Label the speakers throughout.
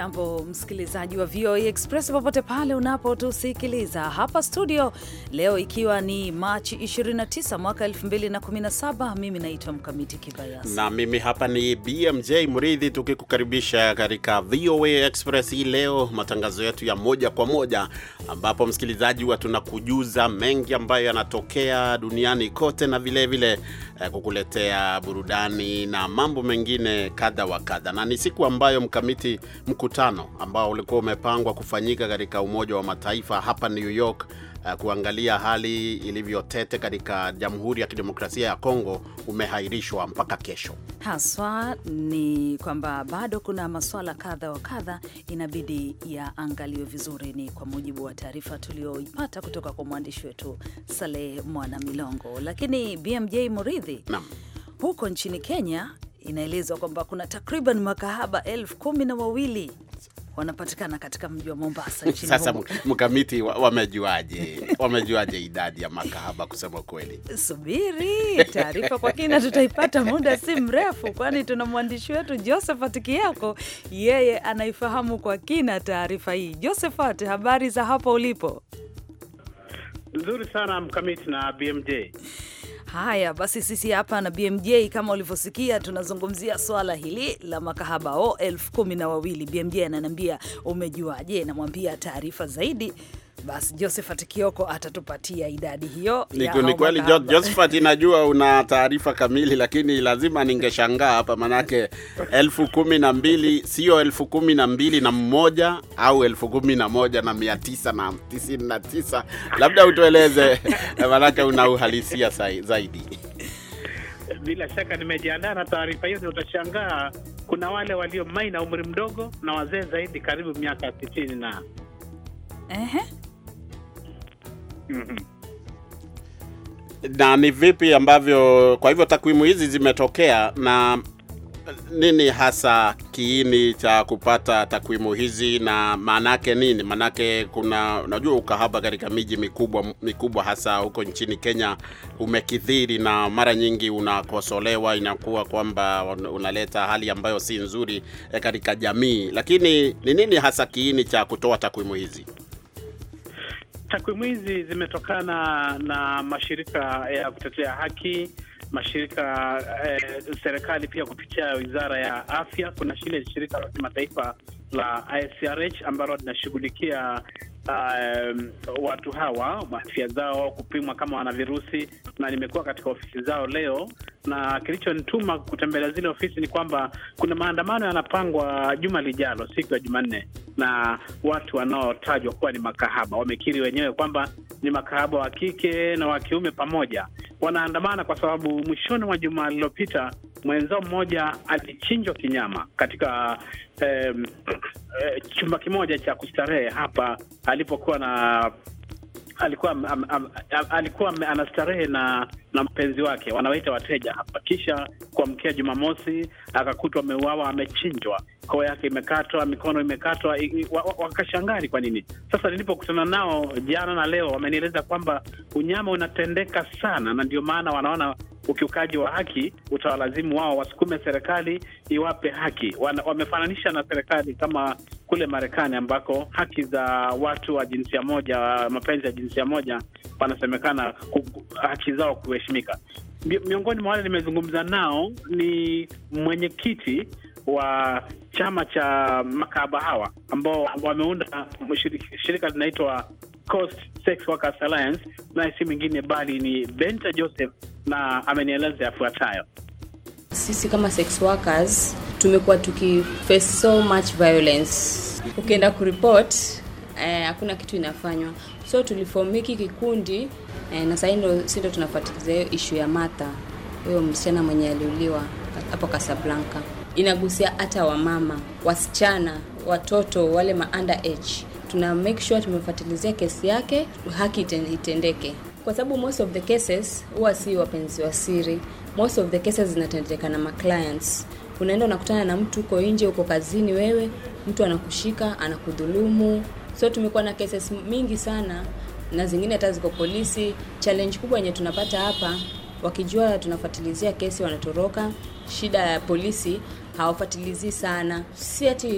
Speaker 1: Hujambo msikilizaji wa VOA e Express popote pale unapotusikiliza hapa studio leo, ikiwa ni Machi 29 mwaka 2017. Mimi naitwa Mkamiti Kibayasi
Speaker 2: na mimi hapa ni BMJ Mridhi, tukikukaribisha katika VOA e Express hii leo, matangazo yetu ya moja kwa moja, ambapo msikilizaji wa tunakujuza mengi ambayo yanatokea duniani kote na vilevile vile eh, kukuletea burudani na mambo mengine kadha wa kadha, na ni siku ambayo mkamiti mku mkutano ambao ulikuwa umepangwa kufanyika katika Umoja wa Mataifa hapa New York eh, kuangalia hali ilivyotete katika Jamhuri ya Kidemokrasia ya Kongo umehairishwa mpaka kesho.
Speaker 1: Haswa ni kwamba bado kuna masuala kadha wa kadha inabidi yaangaliwe vizuri, ni kwa mujibu wa taarifa tuliyoipata kutoka kwa mwandishi wetu Saleh Mwana Milongo. Lakini BMJ Muridhi, naam, huko nchini Kenya Inaelezwa kwamba kuna takriban makahaba elfu kumi na wawili wanapatikana katika mji wa Mombasa nchini. Sasa
Speaker 2: mkamiti, wamejuaje wamejuaje idadi ya makahaba? Kusema kweli,
Speaker 1: subiri, taarifa kwa kina tutaipata muda si mrefu, kwani tuna mwandishi wetu Josephat Kiako, yeye anaifahamu kwa kina taarifa hii. Josephat, habari za hapo ulipo?
Speaker 3: Nzuri sana mkamiti na BMJ.
Speaker 1: Haya basi, sisi hapa na BMJ kama ulivyosikia, tunazungumzia swala hili la makahaba o elfu kumi na wawili. BMJ ananiambia umejuaje? Namwambia taarifa zaidi basi Josephat Kioko atatupatia idadi hiyo. Ni kweli
Speaker 2: Josephat, inajua una taarifa kamili, lakini lazima ningeshangaa hapa, manake elfu kumi na mbili sio elfu kumi na mbili na mmoja au elfu kumi na moja na mia tisa na tisini na tisa labda utueleze, manake una uhalisia zaidi.
Speaker 3: Bila shaka nimejiandaa na taarifa hizi, utashangaa kuna wale walio mai na umri mdogo na wazee zaidi, karibu miaka tisini na
Speaker 4: Mhm.
Speaker 2: Na ni vipi ambavyo, kwa hivyo takwimu hizi zimetokea na nini hasa kiini cha kupata takwimu hizi na maanake nini? Maanake kuna unajua, ukahaba katika miji mikubwa mikubwa hasa huko nchini Kenya umekithiri, na mara nyingi unakosolewa, inakuwa kwamba unaleta hali ambayo si nzuri eh, katika jamii. Lakini ni nini hasa kiini cha kutoa takwimu hizi?
Speaker 3: Takwimu hizi zimetokana na mashirika ya kutetea haki mashirika eh, serikali pia kupitia wizara ya afya. Kuna shile shirika la kimataifa la ICRH ambalo linashughulikia uh, watu hawa afya zao kupimwa kama wana virusi, na nimekuwa katika ofisi zao leo, na kilichonituma kutembelea zile ofisi ni kwamba kuna maandamano yanapangwa juma lijalo siku ya Jumanne, na watu wanaotajwa kuwa ni makahaba wamekiri wenyewe kwamba ni makahaba wa kike na wa kiume pamoja, wanaandamana kwa sababu mwishoni mwa juma lililopita mwenzao mmoja alichinjwa kinyama katika eh, eh, chumba kimoja cha kustarehe hapa alipokuwa na alikuwa am, am, alikuwa anastarehe na na mpenzi wake, wanawaita wateja hapa. Kisha kuamkia Jumamosi akakutwa ameuawa, amechinjwa, koo yake imekatwa, mikono imekatwa, wakashangari kwa nini. Sasa nilipokutana nao jana na leo, wamenieleza kwamba unyama unatendeka sana, na ndio maana wanaona ukiukaji wa haki utawalazimu wao wasukume serikali iwape haki. Wamefananisha na serikali kama kule Marekani ambako haki za watu wa jinsia moja, mapenzi ya jinsia moja, wanasemekana haki zao kuheshimika. Miongoni mwa wale nimezungumza nao ni mwenyekiti wa chama cha makahaba hawa ambao wameunda shirika linaitwa Coast Sex Workers Alliance, na si mwingine bali ni Benta Joseph na amenieleza yafuatayo.
Speaker 5: Sisi kama sex workers tumekuwa face so much violence. Ukienda kuripot eh, hakuna kitu inafanywa, so tulifomiki hiki kikundi eh, na sahii sindo tunafuatiliza hiyo ishu ya Martha, huyo msichana mwenye aliuliwa hapo Casablanca. Inagusia hata wamama, wasichana, watoto wale ma underage. Tuna make sure tumefuatilizia kesi yake, haki itendeke kwa sababu most of the cases huwa si wapenzi wa siri, most of the cases zinatendeka na ma clients. Unaenda unakutana na mtu, uko nje, uko kazini, wewe mtu anakushika anakudhulumu. So tumekuwa na cases mingi sana, na zingine hata ziko polisi. Challenge kubwa yenye tunapata hapa, wakijua tunafuatilizia kesi wanatoroka. Shida ya polisi hawafatilizii sana, si ati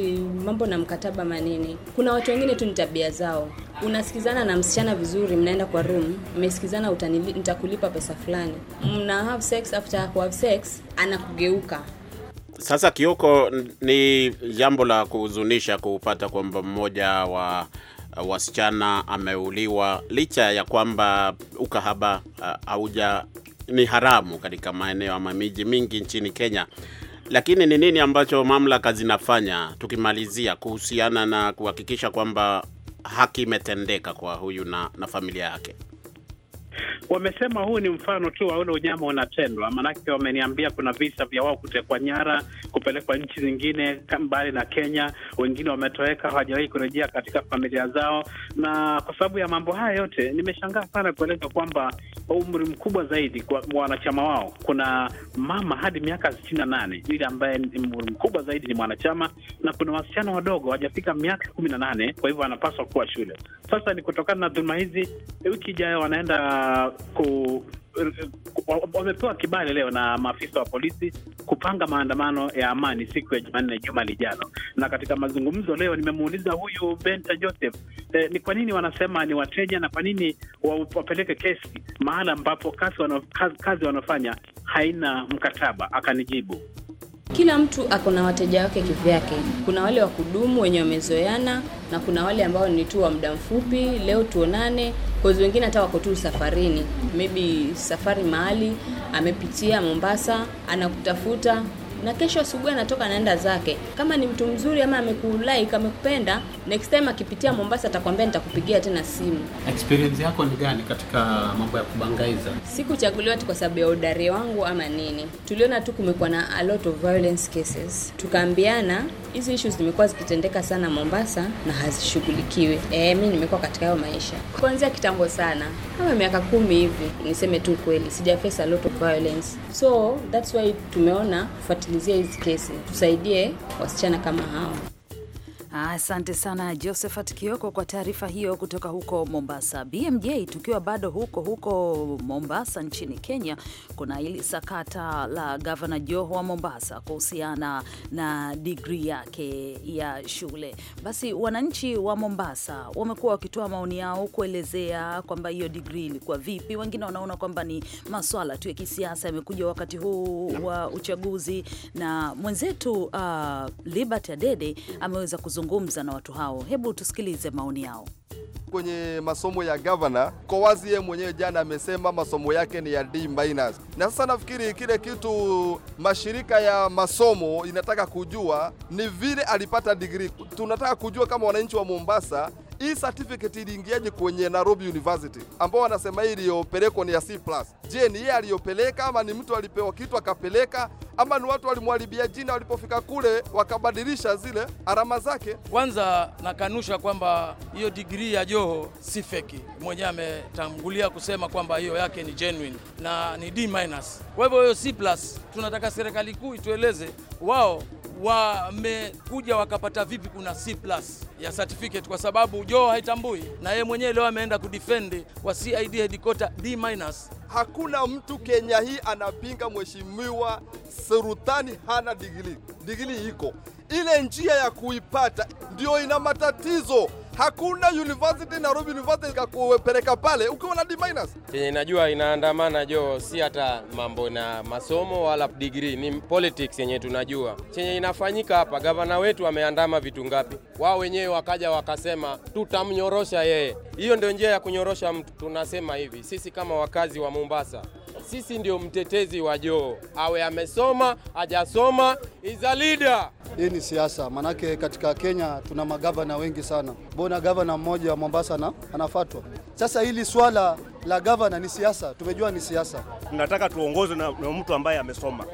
Speaker 5: mambo na mkataba manini. Kuna watu wengine tu ni tabia zao. Unasikizana na msichana vizuri, mnaenda kwa room, mmesikizana, utanili, nitakulipa pesa fulani, mna have sex. After have sex anakugeuka
Speaker 2: sasa Kioko, ni jambo la kuhuzunisha kupata kwamba mmoja wa wasichana ameuliwa licha ya kwamba ukahaba hauja uh, ni haramu katika maeneo ama miji mingi nchini Kenya. Lakini ni nini ambacho mamlaka zinafanya, tukimalizia, kuhusiana na kuhakikisha kwamba haki imetendeka kwa huyu
Speaker 3: na, na familia yake? Wamesema huu ni mfano tu wa ule unyama unatendwa, maanake wameniambia kuna visa vya wao kutekwa nyara, kupelekwa nchi zingine mbali na Kenya. Wengine wametoweka, hawajawahi kurejea katika familia zao, na kwa sababu ya mambo haya yote nimeshangaa sana kueleza kwamba umri mkubwa zaidi kwa wanachama wao, kuna mama hadi miaka sitini na nane yule ambaye umri mkubwa zaidi ni mwanachama, na kuna wasichana wadogo hawajafika miaka kumi na nane kwa hivyo wanapaswa kuwa shule. Sasa ni kutokana na dhuluma hizi, wiki ijayo wanaenda ku eh, eh, wamepewa kibali leo na maafisa wa polisi kupanga maandamano ya amani siku ya Jumanne juma lijalo. Na katika mazungumzo leo nimemuuliza huyu Benta Joseph eh, ni kwa nini wanasema ni wateja na kwa nini wapeleke kesi mahala ambapo kazi, wanaofanya wanafanya haina mkataba, akanijibu
Speaker 5: kila mtu ako na wateja wake kivyake. Kuna wale wa kudumu wenye wamezoeana na kuna wale ambao ni tu wa muda mfupi, leo tuonane. Kozi wengine hata wako tu safarini, maybe safari mahali amepitia Mombasa, anakutafuta na kesho asubuhi anatoka anaenda zake. Kama ni mtu mzuri ama amekulike amekupenda, next time akipitia Mombasa atakwambia nitakupigia tena simu.
Speaker 3: Experience yako ni gani katika mambo ya kubangaiza?
Speaker 5: Sikuchaguliwa tu kwa sababu ya udari wangu ama nini, tuliona tu kumekuwa na a lot of violence cases, tukaambiana hizi issues zimekuwa zikitendeka sana Mombasa na hazishughulikiwi. Eh, mi nimekuwa katika hayo maisha kuanzia kitambo sana, kama miaka kumi hivi. Niseme tu kweli, sijafesa a lot of violence,
Speaker 1: so that's why tumeona kufuatilia kuzungumzia hizi kesi, tusaidie wasichana kama hawa. Asante sana Josephat Kioko kwa taarifa hiyo kutoka huko Mombasa. BMJ, tukiwa bado huko huko Mombasa nchini Kenya, kuna ili sakata la gavana Joho wa Mombasa kuhusiana na digri yake ya shule. Basi wananchi wa Mombasa wamekuwa wakitoa maoni yao kuelezea kwamba hiyo digri ilikuwa vipi. Wengine wanaona kwamba ni maswala tu ya kisiasa yamekuja wakati huu wa uchaguzi, na mwenzetu uh, Liberty Adede ameweza kuzungumza kuzungumza na watu hao. Hebu tusikilize maoni yao. Kwenye masomo
Speaker 2: ya gavana kwa wazi, yeye mwenyewe jana amesema masomo yake ni ya D minus, na sasa nafikiri kile kitu mashirika ya masomo inataka kujua ni vile alipata digrii. Tunataka kujua kama wananchi wa Mombasa hii e certificate iliingiaje kwenye Nairobi University ambao wanasema hii iliyopelekwa ni ya C+? Je, ni yeye aliyopeleka ama ni mtu alipewa kitu akapeleka ama ni watu walimwharibia jina walipofika kule wakabadilisha zile
Speaker 6: alama zake? Kwanza nakanusha kwamba hiyo digrii ya Joho si feki. Mwenyewe ametangulia kusema kwamba hiyo yake ni genuine na ni D-. Kwa hivyo hiyo C+, tunataka serikali kuu itueleze wao wamekuja wakapata vipi kuna C+ ya certificate, kwa sababu Joho haitambui na yeye mwenyewe leo ameenda kudefend kwa CID headquarter D-. Hakuna mtu Kenya hii anapinga mheshimiwa Sultani hana digrii, digrii iko ile njia
Speaker 1: ya kuipata ndio ina matatizo hakuna university Nairobi University
Speaker 6: ikakupeleka pale ukiwa na D minus. Yenye najua inaandamana jo, si hata mambo na masomo wala degree, ni politics yenye tunajua chenye inafanyika hapa. Gavana wetu ameandama vitu ngapi? Wao wenyewe wakaja wakasema tutamnyorosha yeye. Hiyo ndio njia ya kunyorosha mtu. Tunasema hivi sisi kama wakazi wa Mombasa sisi ndio mtetezi wa joo awe amesoma hajasoma, is a leader.
Speaker 1: Hii ni siasa, manake katika Kenya tuna magavana wengi sana, bona gavana mmoja wa Mombasa na anafatwa. Sasa hili swala la gavana ni siasa, tumejua ni siasa. Tunataka tuongozwe na, na
Speaker 6: mtu ambaye amesoma,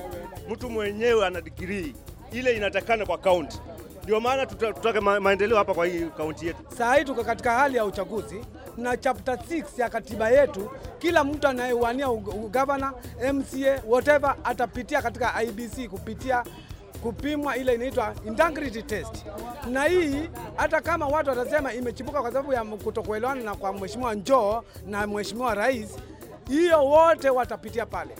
Speaker 6: mtu mwenyewe ana digrii ile inatakana kwa kaunti. Ndio maana tutake maendeleo hapa kwa hii kaunti yetu. Saa hii tuko katika hali ya uchaguzi na chapter 6 ya katiba yetu, kila mtu anayewania gavana, MCA, whatever atapitia katika IBC kupitia kupimwa ile inaitwa integrity test. Na hii hata kama watu watasema imechipuka kwa sababu ya kutokuelewana na kwa mheshimiwa Njoo na mheshimiwa rais, hiyo wote watapitia pale.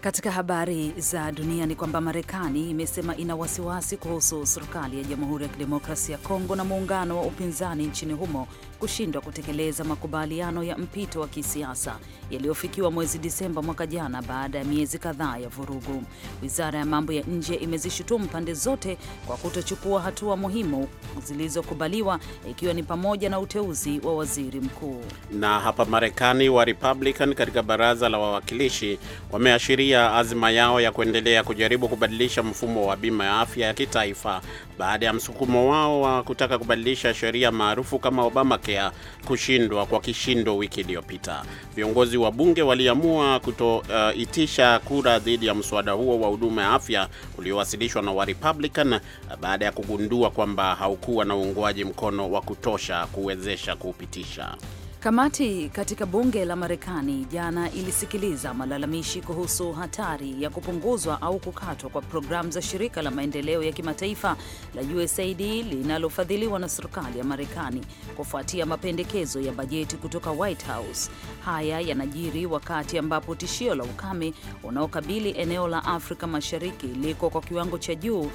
Speaker 1: Katika habari za dunia ni kwamba Marekani imesema ina wasiwasi kuhusu serikali ya Jamhuri ya Kidemokrasia ya Kongo na muungano wa upinzani nchini humo kushindwa kutekeleza makubaliano ya mpito wa kisiasa yaliyofikiwa mwezi Disemba mwaka jana baada ya miezi kadhaa ya vurugu. Wizara ya mambo ya nje imezishutumu pande zote kwa kutochukua hatua muhimu zilizokubaliwa ikiwa ni pamoja na uteuzi wa waziri mkuu.
Speaker 2: Na hapa Marekani wa Republican katika baraza la wawakilishi wameashiria kuashiria azima yao ya kuendelea kujaribu kubadilisha mfumo wa bima ya afya ya kitaifa baada ya msukumo wao wa kutaka kubadilisha sheria maarufu kama Obamacare kushindwa kwa kishindo wiki iliyopita. Viongozi wa bunge waliamua kutoitisha uh, kura dhidi ya mswada huo wa huduma ya afya uliowasilishwa na wa Republican baada ya kugundua kwamba haukuwa na uungwaji mkono wa kutosha kuwezesha kuupitisha.
Speaker 1: Kamati katika bunge la Marekani jana ilisikiliza malalamishi kuhusu hatari ya kupunguzwa au kukatwa kwa programu za shirika la maendeleo ya kimataifa la USAID linalofadhiliwa na serikali ya Marekani kufuatia mapendekezo ya bajeti kutoka White House. Haya yanajiri wakati ambapo tishio la ukame unaokabili eneo la Afrika Mashariki liko kwa kiwango cha juu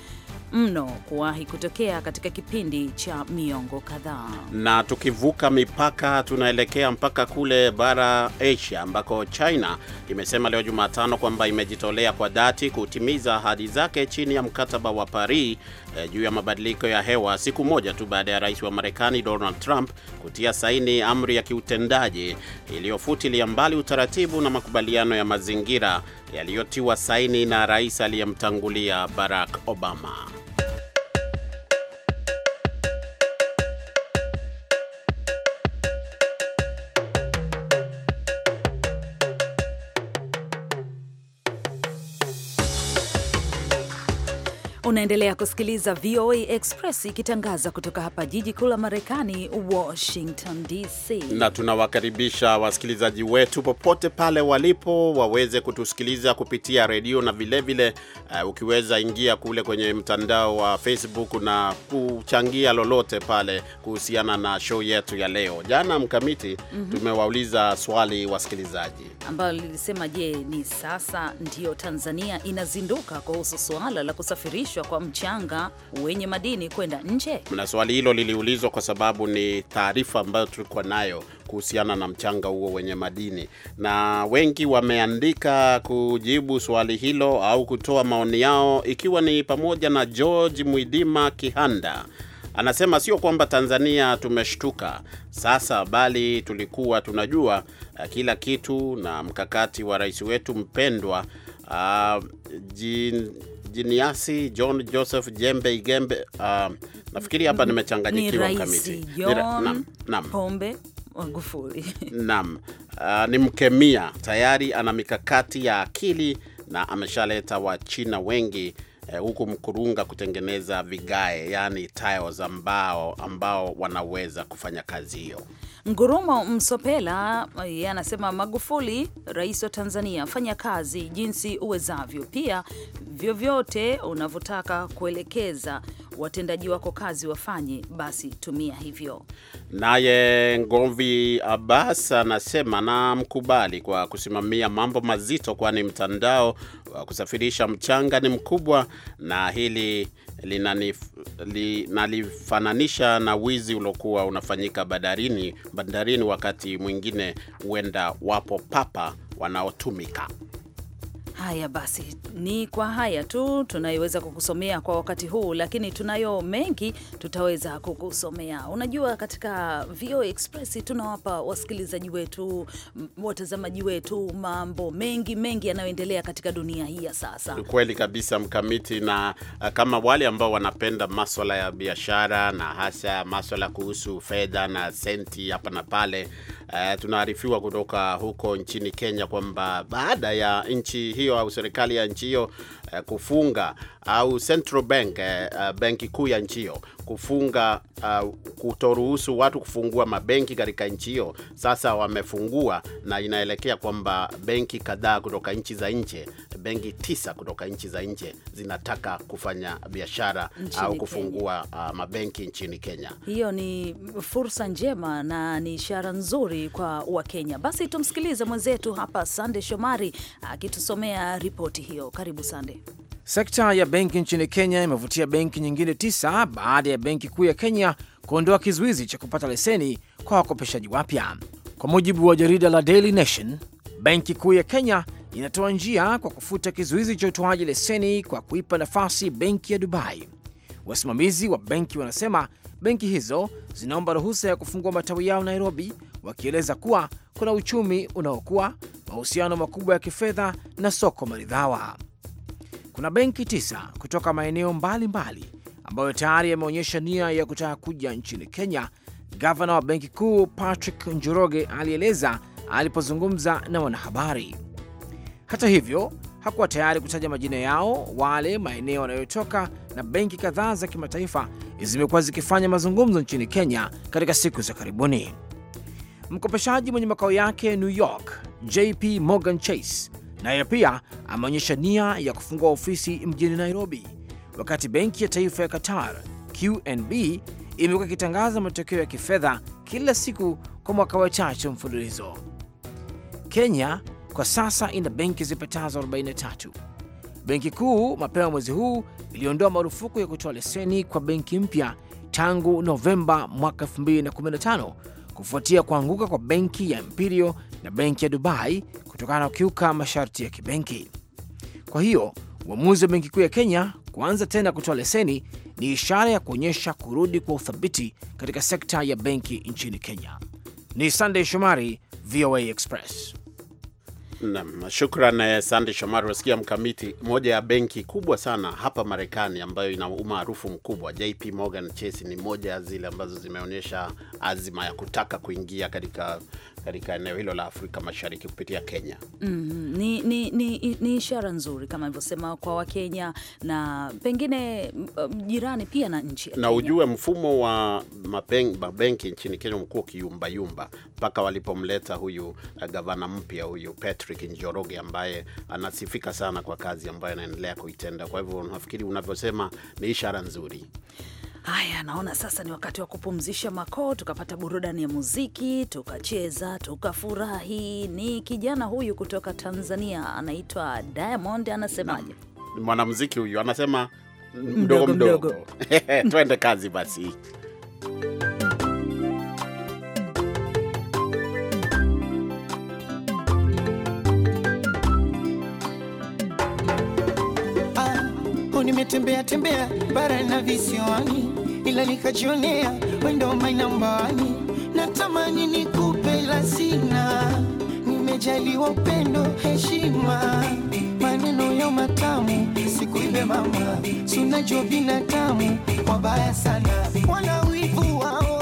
Speaker 1: mno kuwahi kutokea katika kipindi cha miongo kadhaa.
Speaker 2: Na tukivuka mipaka, tunaelekea mpaka kule bara Asia ambako China imesema leo Jumatano kwamba imejitolea kwa dhati kutimiza ahadi zake chini ya mkataba wa Paris Eh, juu ya mabadiliko ya hewa siku moja tu baada ya rais wa Marekani Donald Trump kutia saini amri ya kiutendaji iliyofutilia mbali utaratibu na makubaliano ya mazingira yaliyotiwa saini na rais aliyemtangulia Barack Obama.
Speaker 1: Unaendelea kusikiliza VOA Express ikitangaza kutoka hapa jiji kuu la Marekani, Washington DC,
Speaker 2: na tunawakaribisha wasikilizaji wetu popote pale walipo waweze kutusikiliza kupitia redio na vilevile vile, uh, ukiweza ingia kule kwenye mtandao wa Facebook na kuchangia lolote pale kuhusiana na show yetu ya leo. Jana mkamiti, mm -hmm. tumewauliza swali wasikilizaji
Speaker 1: ambayo lilisema, je, ni sasa ndiyo Tanzania inazinduka kuhusu suala la kusafirishwa kwa mchanga wenye madini kwenda nje?
Speaker 2: Na swali hilo liliulizwa kwa sababu ni taarifa ambayo tulikuwa nayo kuhusiana na mchanga huo wenye madini, na wengi wameandika kujibu swali hilo au kutoa maoni yao, ikiwa ni pamoja na George Mwidima Kihanda anasema sio kwamba Tanzania tumeshtuka sasa, bali tulikuwa tunajua eh, kila kitu na mkakati wa rais wetu mpendwa uh, jin, Jiniasi John Joseph Jembe Igembe. Uh, nafikiri hapa nimechanganyikiwa kamiti.
Speaker 1: Pombe Magufuli
Speaker 2: nam uh, ni mkemia tayari, ana mikakati ya akili na ameshaleta Wachina wengi eh, huku Mkurunga kutengeneza vigae, yaani tiles, ambao ambao wanaweza kufanya kazi hiyo.
Speaker 1: Ngurumo Msopela yeye eh, anasema Magufuli, rais wa Tanzania, fanya kazi jinsi uwezavyo, pia vyovyote unavyotaka kuelekeza watendaji wako kazi wafanye, basi tumia hivyo.
Speaker 2: Naye Ngomvi Abbas anasema namkubali kwa kusimamia mambo mazito, kwani mtandao wa kusafirisha mchanga ni mkubwa na hili linalifananisha na wizi uliokuwa unafanyika bandarini, bandarini wakati mwingine huenda wapo papa wanaotumika.
Speaker 1: Haya basi, ni kwa haya tu tunayoweza kukusomea kwa wakati huu, lakini tunayo mengi tutaweza kukusomea. Unajua, katika VO Express tunawapa wasikilizaji wetu, watazamaji wetu mambo mengi mengi yanayoendelea katika dunia hii ya sasa.
Speaker 2: Kweli kabisa, Mkamiti, na eh, kama wale ambao wanapenda maswala ya biashara na hasa maswala kuhusu fedha na senti hapa na pale Uh, tunaarifiwa kutoka huko nchini Kenya kwamba baada ya nchi hiyo au serikali ya nchi hiyo uh, kufunga au Central Bank uh, benki kuu ya nchi hiyo kufunga uh, kutoruhusu watu kufungua mabenki katika nchi hiyo, sasa wamefungua na inaelekea kwamba benki kadhaa kutoka nchi za nje benki tisa kutoka nchi za nje zinataka kufanya biashara uh, au kufungua uh, mabenki nchini Kenya.
Speaker 1: Hiyo ni fursa njema na ni ishara nzuri kwa Wakenya. Basi tumsikilize mwenzetu hapa Sande Shomari akitusomea ripoti hiyo. Karibu Sande.
Speaker 6: Sekta ya benki nchini Kenya imevutia benki nyingine tisa baada ya benki kuu ya Kenya kuondoa kizuizi cha kupata leseni kwa wakopeshaji wapya. Kwa mujibu wa jarida la Daily Nation, benki kuu ya Kenya inatoa njia kwa kufuta kizuizi cha utoaji leseni kwa kuipa nafasi benki ya Dubai. Wasimamizi wa benki wanasema benki hizo zinaomba ruhusa ya kufungua matawi yao Nairobi, wakieleza kuwa kuna uchumi unaokuwa, mahusiano makubwa ya kifedha na soko maridhawa. Kuna benki tisa kutoka maeneo mbalimbali ambayo tayari yameonyesha nia ya kutaka kuja nchini Kenya. Gavana wa benki kuu Patrick Njoroge alieleza alipozungumza na wanahabari. Hata hivyo, hakuwa tayari kutaja majina yao, wale maeneo wanayotoka, na benki kadhaa za kimataifa zimekuwa zikifanya mazungumzo nchini Kenya katika siku za karibuni. Mkopeshaji mwenye makao yake New York, JP Morgan Chase, naye pia ameonyesha nia ya kufungua ofisi mjini Nairobi, wakati benki ya taifa ya Qatar, QNB, imekuwa ikitangaza matokeo ya kifedha kila siku kwa mwaka wachache mfululizo. Kenya kwa sasa ina benki zipatazo 43. Benki Kuu mapema mwezi huu iliondoa marufuku ya kutoa leseni kwa benki mpya tangu Novemba mwaka 2015 kufuatia kuanguka kwa benki ya Imperial na benki ya Dubai kutokana na kukiuka masharti ya kibenki. Kwa hiyo uamuzi wa Benki Kuu ya Kenya kuanza tena kutoa leseni ni ishara ya kuonyesha kurudi kwa uthabiti katika sekta ya benki nchini Kenya. Ni Sunday Shomari, VOA Express.
Speaker 2: Naam, shukran eh, Sande Shomari. Wasikia mkamiti, moja ya benki kubwa sana hapa Marekani ambayo ina umaarufu mkubwa, JP Morgan Chase, ni moja ya zile ambazo zimeonyesha azima ya kutaka kuingia katika katika eneo hilo la Afrika Mashariki kupitia Kenya.
Speaker 1: mm -hmm. Ni, ni, ni, ni ishara nzuri kama alivyosema kwa Wakenya na pengine mm, jirani pia na nchi na Ujue
Speaker 2: mfumo wa mabenki nchini Kenya umekuwa ukiyumbayumba mpaka walipomleta huyu uh, gavana mpya huyu Patrick Njoroge ambaye anasifika sana kwa kazi ambayo anaendelea kuitenda. Kwa hivyo nafikiri unavyosema ni ishara nzuri.
Speaker 1: Haya, naona sasa ni wakati wa kupumzisha makoo, tukapata burudani ya muziki, tukacheza, tukafurahi. Ni kijana huyu kutoka Tanzania anaitwa Diamond, anasemaje?
Speaker 2: Mwanamuziki huyu anasema mdogo mdogo, mdogo. Twende kazi basi.
Speaker 4: Tembea tembea bara na visiwani, ila nikajionea wendo my number one. Natamani nikupe la sina, nimejaliwa upendo, heshima, maneno ya matamu, siku ile mama, sunajua binadamu wabaya sana, wana wivu wao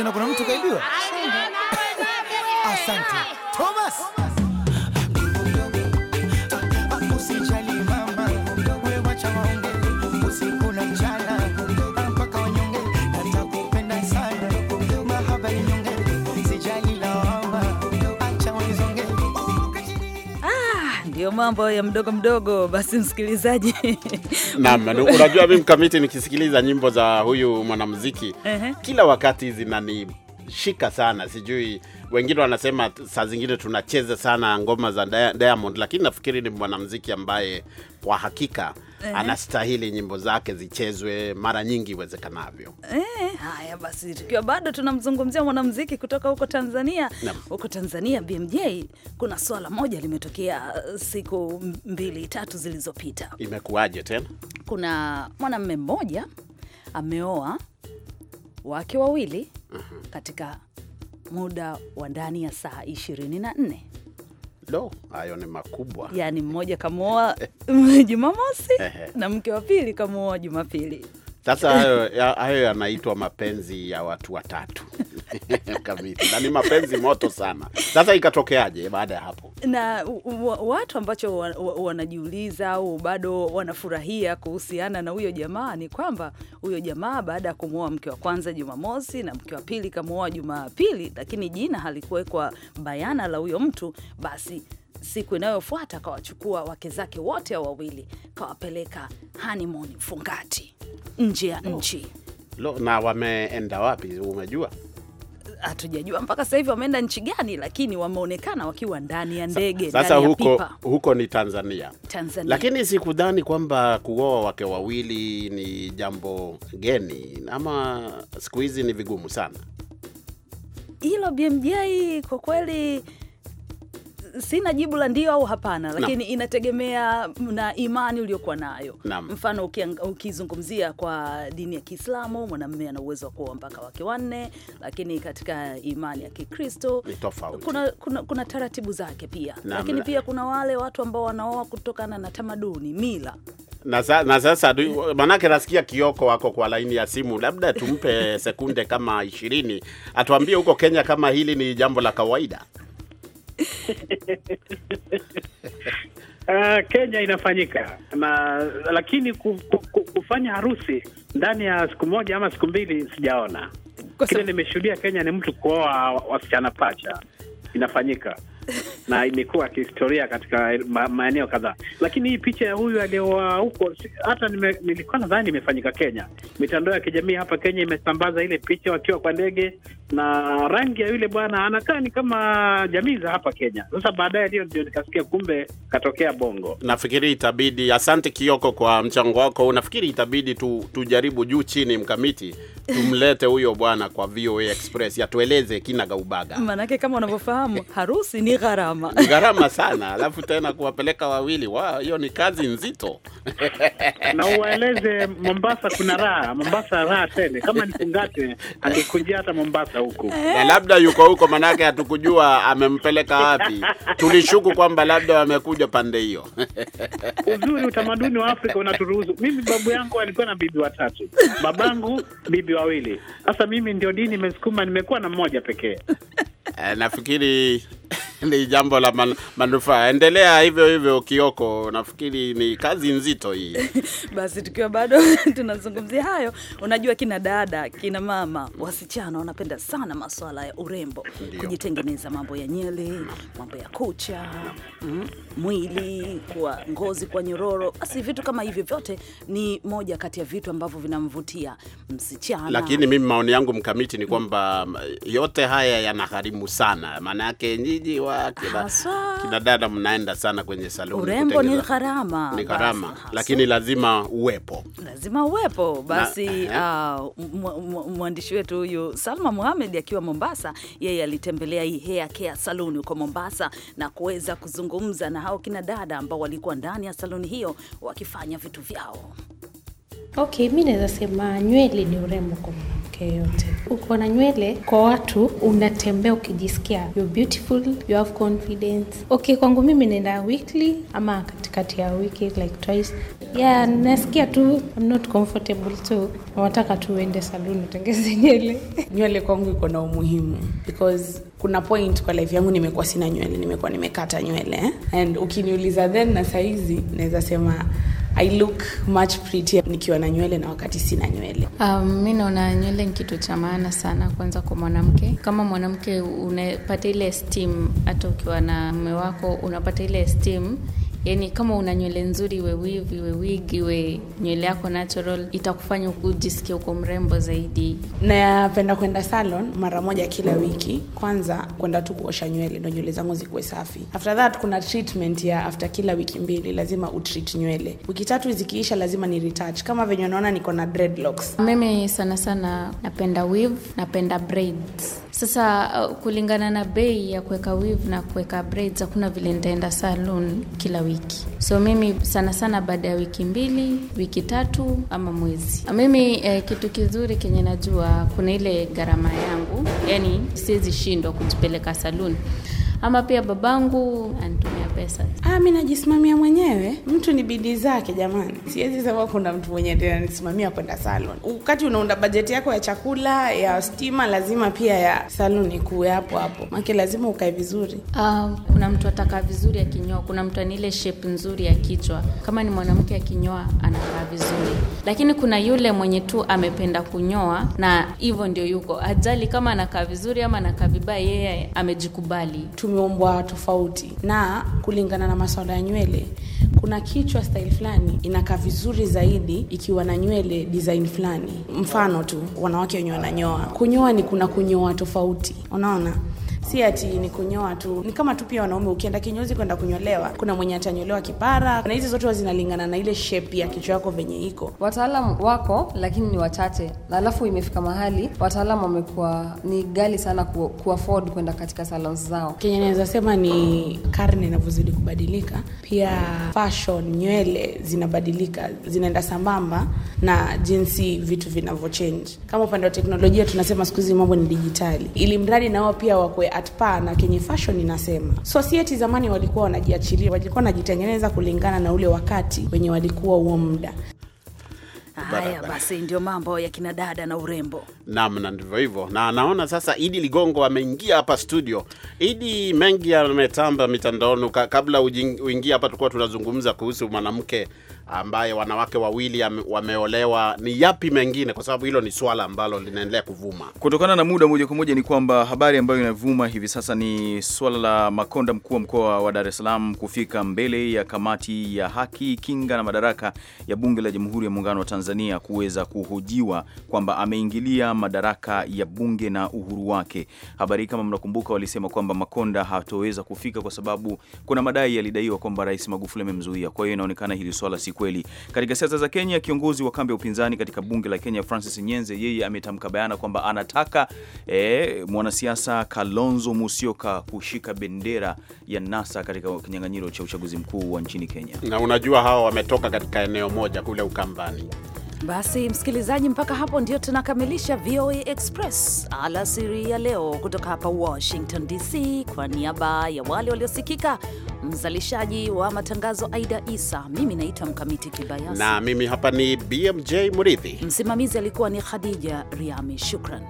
Speaker 4: tena kuna mtu kaibiwa. Asante Thomas.
Speaker 1: Ah, mambo ya mdogo mdogo. Basi msikilizaji
Speaker 2: Naam, unajua mimi mkamiti nikisikiliza nyimbo za huyu mwanamuziki uh -huh. kila wakati zinani shika sana, sijui wengine wanasema saa zingine tunacheza sana ngoma za Diamond, lakini nafikiri ni mwanamuziki ambaye kwa hakika eh, anastahili nyimbo zake zichezwe mara nyingi iwezekanavyo.
Speaker 1: Eh, haya basi, tukiwa bado tunamzungumzia mwanamuziki kutoka huko Tanzania huko Tanzania BMJ, kuna swala moja limetokea uh, siku mbili tatu zilizopita.
Speaker 2: Imekuwaje tena?
Speaker 1: Kuna mwanamume mmoja ameoa wake wawili mhm. katika muda wa ndani ya saa 24.
Speaker 2: Lo, hayo ni
Speaker 1: makubwa. Yaani mmoja kamuoa Jumamosi na mke wa pili kamuoa Jumapili.
Speaker 2: Sasa hayo yanaitwa mapenzi ya watu watatu. Kamili. Na ni mapenzi moto sana. Sasa ikatokeaje baada ya hapo?
Speaker 1: na watu ambacho wanajiuliza au bado wanafurahia kuhusiana na huyo jamaa ni kwamba huyo jamaa baada ya kumwoa mke wa kwanza Jumamosi na mke wa pili kamwoa Jumapili, lakini jina halikuwekwa bayana la huyo mtu, basi siku inayofuata kawachukua wake zake wote wawili kawapeleka honeymoon fungati nje ya oh. nchi.
Speaker 2: Oh, na wameenda wapi? Umejua
Speaker 1: hatujajua mpaka sasa hivi wameenda nchi gani, lakini wameonekana wakiwa ndani ya ndege. Sasa huko,
Speaker 2: huko ni Tanzania, Tanzania. Lakini sikudhani kwamba kuoa wake wawili ni jambo geni, ama siku hizi ni vigumu sana
Speaker 1: hilo BMJ kwa kweli sina jibu la ndio au hapana, lakini na, inategemea na imani uliokuwa nayo Mfano ukizungumzia kwa dini ya Kiislamu mwanamume ana uwezo wa kuoa mpaka wake wanne, lakini katika imani ya Kikristo kuna, kuna, kuna taratibu zake pia na, lakini Pia kuna wale watu ambao wanaoa kutokana na tamaduni, mila
Speaker 2: na sasa manake nasikia Kioko wako kwa laini ya simu, labda tumpe sekunde kama ishirini atuambie huko Kenya kama hili ni jambo la kawaida.
Speaker 3: Uh, Kenya inafanyika na, lakini kufanya harusi ndani ya siku moja ama siku mbili sijaona. Kile nimeshuhudia Kenya ni mtu kuoa wasichana pacha, inafanyika na imekuwa kihistoria katika ma maeneo kadhaa, lakini hii picha ya huyu alioa huko hata nime, nilikuwa nadhani imefanyika Kenya. Mitandao ya kijamii hapa Kenya imesambaza ile picha wakiwa kwa ndege, na rangi ya yule bwana anakaa ni kama jamii za hapa Kenya. Sasa baadaye ndio ndio nikasikia kumbe katokea Bongo.
Speaker 2: Nafikiri itabidi, asante Kioko kwa mchango wako. Nafikiri itabidi tu, tujaribu juu chini mkamiti tumlete huyo bwana kwa VOA Express yatueleze kina gaubaga,
Speaker 1: maanake kama unavyofahamu harusi ni gharama ni
Speaker 2: gharama sana, alafu tena kuwapeleka wawili wa hiyo ni kazi nzito na uwaeleze
Speaker 3: Mombasa kuna raha, Mombasa raha tele, kama ni fungate hata Mombasa huku
Speaker 2: eh? na labda yuko huko, manake hatukujua amempeleka wapi. Tulishuku kwamba labda wamekuja
Speaker 3: pande hiyo. Uzuri utamaduni wa Afrika unaturuhusu. Mimi babu yangu alikuwa na bibi watatu, babangu bibi wawili. Sasa mimi ndio dini imesukuma, nimekuwa na mmoja pekee.
Speaker 2: Eh, nafikiri ni jambo la man, manufaa. Endelea hivyo hivyo, Kioko, nafikiri ni kazi nzito hii.
Speaker 1: Basi tukiwa bado tunazungumzia hayo, unajua kina dada, kina mama, wasichana wanapenda sana masuala ya urembo, kujitengeneza, mambo ya nyele, mambo ya kucha, mm, mwili, kwa ngozi, kwa nyororo, basi vitu kama hivyo vyote ni moja kati ya vitu ambavyo vinamvutia msichana. Lakini mimi maoni
Speaker 2: yangu mkamiti ni kwamba yote haya yanagharimu sana, maana yake nyinyi haswa kina, kina dada mnaenda sana kwenye saluni. Urembo ni
Speaker 1: gharama, ni gharama,
Speaker 2: lakini lazima uwepo,
Speaker 1: lazima uwepo. Basi uh, mwandishi wetu huyu Salma Muhamed akiwa Mombasa, yeye alitembelea hii hair care saluni huko Mombasa na kuweza kuzungumza na hao kina dada ambao walikuwa ndani ya saluni hiyo wakifanya vitu vyao.
Speaker 7: Okay, mi naweza sema nywele ni urembo kwa yake yeyote. Uko na nywele kwa watu unatembea ukijisikia you beautiful, you have confidence. Okay, kwangu mimi naenda weekly ama katikati ya wiki like twice. Yeah, nasikia tu I'm not comfortable so nataka tu uende saluni utengeze nywele. Nywele kwangu iko na umuhimu because kuna point kwa life yangu nimekuwa sina nywele, nimekuwa nimekata nywele eh? and ukiniuliza then na saizi naweza sema I look much prettier nikiwa na nywele na wakati sina nywele.
Speaker 8: Um, mi naona nywele ni kitu cha maana sana, kwanza kwa mwanamke. Kama mwanamke unapata ile esteem, hata ukiwa na mume wako unapata ile esteem yani kama una nywele nzuri, iwe wivi, iwe wigi, iwe nywele yako natural,
Speaker 7: itakufanya ujisikia uko mrembo zaidi. Napenda kwenda salon mara moja kila wiki, kwanza kwenda tu kuosha nywele ndo nywele zangu zikuwe safi. After that kuna treatment ya after kila wiki mbili lazima utreat nywele, wiki tatu zikiisha lazima ni retouch, kama venye unaona niko na dreadlocks.
Speaker 8: Mimi sana sana napenda weave, napenda braids sasa uh, kulingana na bei ya kuweka weave na kuweka braids, hakuna vile nitaenda salon kila wiki, so mimi sana sana baada ya wiki mbili, wiki tatu ama mwezi. Mimi eh, kitu kizuri kenye najua kuna ile gharama yangu, yani
Speaker 7: siwezi shindwa kujipeleka salon
Speaker 8: ama pia babangu anatumia pesa.
Speaker 7: Ah, mi najisimamia mwenyewe, mtu ni bidii zake jamani. Siwezi sema kuna mtu mwenye ndio ananisimamia kwenda salon. Wakati unaunda bajeti yako ya chakula, ya stima, lazima pia ya salon ikuwe hapo hapo, maki lazima ukae vizuri. Ah,
Speaker 8: kuna mtu atakaa vizuri akinyoa, kuna mtu anile ile shape nzuri ya kichwa. Kama ni mwanamke akinyoa anakaa vizuri, lakini kuna yule mwenye tu amependa kunyoa na hivyo ndio yuko, ajali kama anakaa vizuri ama
Speaker 7: anakaa vibaya, yeye amejikubali tu tumeombwa tofauti, na kulingana na masuala ya nywele, kuna kichwa style fulani inakaa vizuri zaidi ikiwa na nywele design fulani. Mfano tu wanawake wenye wananyoa, kunyoa ni kuna kunyoa tofauti, unaona si ati ni kunyoa tu, ni kama tu pia wanaume, ukienda kinyozi kwenda kunyolewa, kuna mwenye atanyolewa kipara, na hizi zote zinalingana na ile shape ya kichwa yako venye iko. Wataalam wako
Speaker 5: lakini ni wachache, na alafu imefika mahali wataalam wamekuwa ni gali sana ku,
Speaker 7: ku afford kwenda katika salons zao. Kenya naweza sema ni karne inavyozidi kubadilika, pia fashion, nywele zinabadilika, zinaenda sambamba na jinsi vitu vinavyochange. Kama upande wa teknolojia tunasema siku hizi mambo ni dijitali, ili mradi nao pia wakwe atpa na kenye fashion inasema. Society zamani walikuwa wanajiachilia, walikuwa wanajitengeneza kulingana na ule wakati wenye walikuwa huo muda.
Speaker 2: Haya
Speaker 1: basi, ndio mambo ya kina dada na urembo.
Speaker 2: Naam, na ndivyo hivyo, na naona sasa Idi Ligongo ameingia hapa studio. Idi, mengi yametamba mitandaoni. Kabla uingia hapa, tulikuwa tunazungumza kuhusu mwanamke ambaye wanawake wawili wameolewa ni yapi mengine, kwa sababu hilo ni swala ambalo linaendelea kuvuma. Kutokana na muda, moja kwa moja ni kwamba habari ambayo inavuma hivi sasa ni swala la Makonda, mkuu wa mkoa wa Dar es Salaam, kufika mbele ya kamati ya haki, kinga na madaraka ya bunge la Jamhuri ya Muungano wa Tanzania kuweza
Speaker 3: kuhojiwa kwamba ameingilia madaraka ya bunge na uhuru wake.
Speaker 6: Habari kama mnakumbuka, walisema kwamba Makonda hatoweza kufika kwa sababu kuna madai yalidaiwa kwamba Rais Magufuli amemzuia. Kwa hiyo inaonekana hili swala siku kweli. Katika siasa za Kenya, kiongozi wa kambi ya upinzani katika bunge la Kenya Francis Nyenze, yeye ametamka bayana kwamba anataka eh, mwanasiasa Kalonzo Musyoka kushika bendera ya NASA katika kinyang'anyiro cha uchaguzi
Speaker 2: mkuu wa nchini Kenya. Na unajua hawa wametoka katika eneo moja kule Ukambani
Speaker 1: basi msikilizaji, mpaka hapo ndio tunakamilisha VOA Express alasiri ya leo kutoka hapa Washington DC. Kwa niaba ya wale waliosikika, mzalishaji wa matangazo Aida Isa, mimi naitwa Mkamiti Kibayasi na
Speaker 2: mimi hapa ni BMJ Muridhi,
Speaker 1: msimamizi alikuwa ni Khadija Riami. Shukran.